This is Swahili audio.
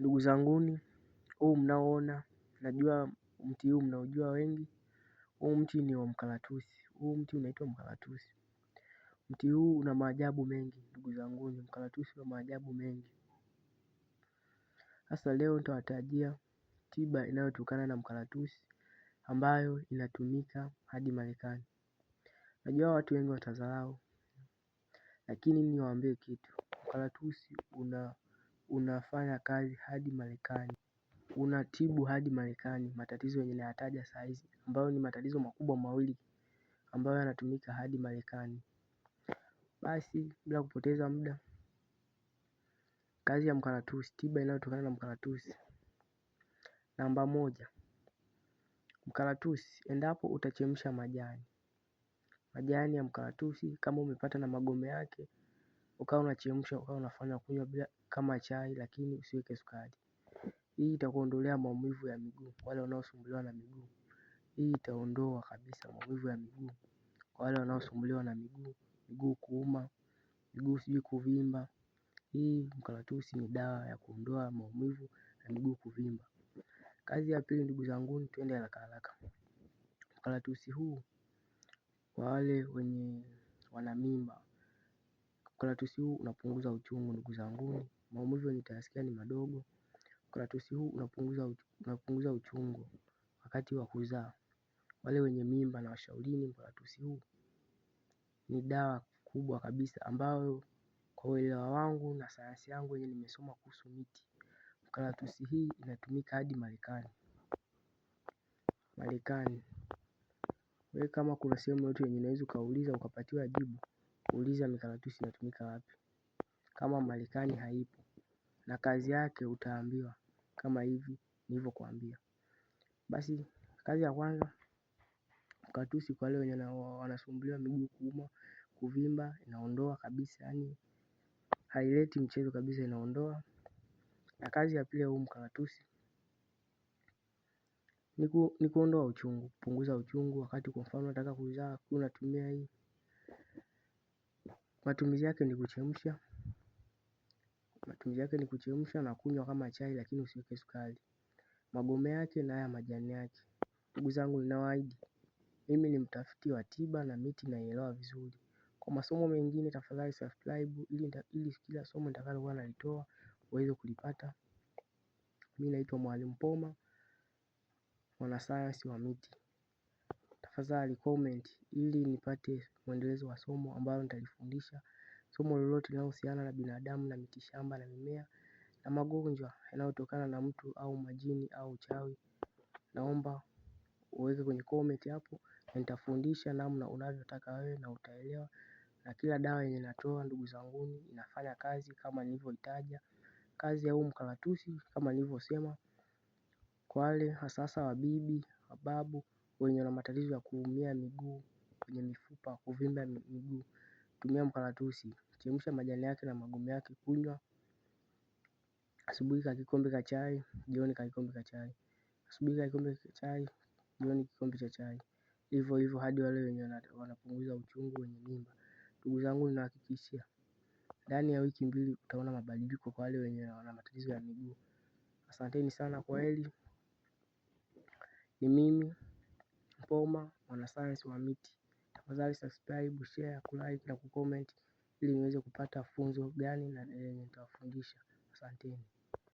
Ndugu zanguni, huu mnaoona, najua mti huu mnaujua wengi, huu mti ni wa mkaratusi, huu mti unaitwa mkaratusi. Mti huu una maajabu mengi ndugu zanguni, mkaratusi una maajabu mengi. Sasa leo nitawatajia tiba inayotokana na mkaratusi ambayo inatumika hadi Marekani. Najua watu wengi watadharau, lakini niwaambie kitu, mkaratusi una unafanya kazi hadi Marekani, unatibu hadi Marekani matatizo yenye nayataja saa hizi ambayo ni matatizo makubwa mawili ambayo yanatumika hadi Marekani. Basi bila kupoteza muda, kazi ya mkaratusi, tiba inayotokana na mkaratusi. Namba moja, mkaratusi, endapo utachemsha majani majani ya mkaratusi kama umepata na magome yake, ukawa unachemsha ukawa unafanya kunywa bila kama chai lakini usiweke sukari. Hii itakuondolea maumivu ya miguu kwa wale wanaosumbuliwa na miguu. Hii itaondoa kabisa maumivu ya miguu kwa wale wanaosumbuliwa na miguu, miguu kuuma, miguu sijui kuvimba. Hii mkaratusi ni dawa ya kuondoa maumivu na miguu kuvimba. Kazi ya pili ndugu zanguni twende haraka haraka. Mkaratusi huu kwa wale wenye wana mimba. Mkaratusi huu unapunguza uchungu ndugu zanguni maumivu nitayasikia ni madogo. Ukaratusi huu unapunguza uchungu wakati wa kuzaa. Wale wenye mimba na nawashaurieni mkaratusi huu ni dawa kubwa kabisa ambayo kwa uelewa wangu na sayansi yangu yenye nimesoma kuhusu miti. Mkaratusi hii inatumika hadi Marekani. Marekani. Wewe kama kuna sehemu yoyote yenye unaweza ukauliza ukapatiwa jibu, uliza mikaratusi inatumika wapi. Kama Marekani haipo na kazi yake utaambiwa kama hivi nilivyokuambia. Basi kazi ya kwanza mkatusi kwa wale wenye wanasumbuliwa miguu kuuma, kuvimba inaondoa kabisa yaani haileti mchezo kabisa inaondoa. Na kazi ya pili ya huu mkaratusi ni kuondoa uchungu, kupunguza uchungu wakati kwa mfano unataka kuzaa ukiwa unatumia hii. Matumizi yake ni kuchemsha Matumizi yake ni kuchemsha na kunywa kama chai lakini usiweke sukari. Magome yake na haya majani yake. Ndugu zangu ninawaahidi. Mimi ni mtafiti wa tiba na miti naielewa vizuri. Kwa masomo mengine tafadhali subscribe ili kila somo nitakalokuwa nalitoa uweze kulipata. Mimi naitwa Mwalimu Poma, mwanasayansi wa miti. Tafadhali comment ili nipate mwendelezo wa somo ambalo nitalifundisha somo lolote linalohusiana na binadamu na mitishamba na mimea na magonjwa yanayotokana na mtu au majini au uchawi, naomba uweke kwenye comment hapo, na nitafundisha namna unavyotaka wewe na utaelewa. Na kila dawa yenye natoa ndugu zanguni inafanya kazi kama nilivyoitaja, kazi ya huu mkaratusi kama nilivyosema, kwa wale hasahasa wabibi, wababu wenye wana matatizo ya kuumia miguu kwenye mifupa, kuvimba miguu, tumia mkaratusi kuchemsha majani yake na magome yake kunywa. Asubuhi ka kikombe ka chai, jioni ka kikombe cha chai. Asubuhi ka kikombe cha chai, jioni kikombe cha chai. Hivyo hivyo hadi wale wenye wanapunguza uchungu wenye mimba. Ndugu zangu ninahakikishia. Ndani ya wiki mbili utaona mabadiliko kwa wale wenye wana matatizo ya miguu. Asanteni sana heri. Ni mimi Mpoma mwanasayansi wa miti. Tafadhali subscribe, share, kulike na kucomment ili niweze kupata funzo gani na lenye eh, nitawafundisha. Asanteni.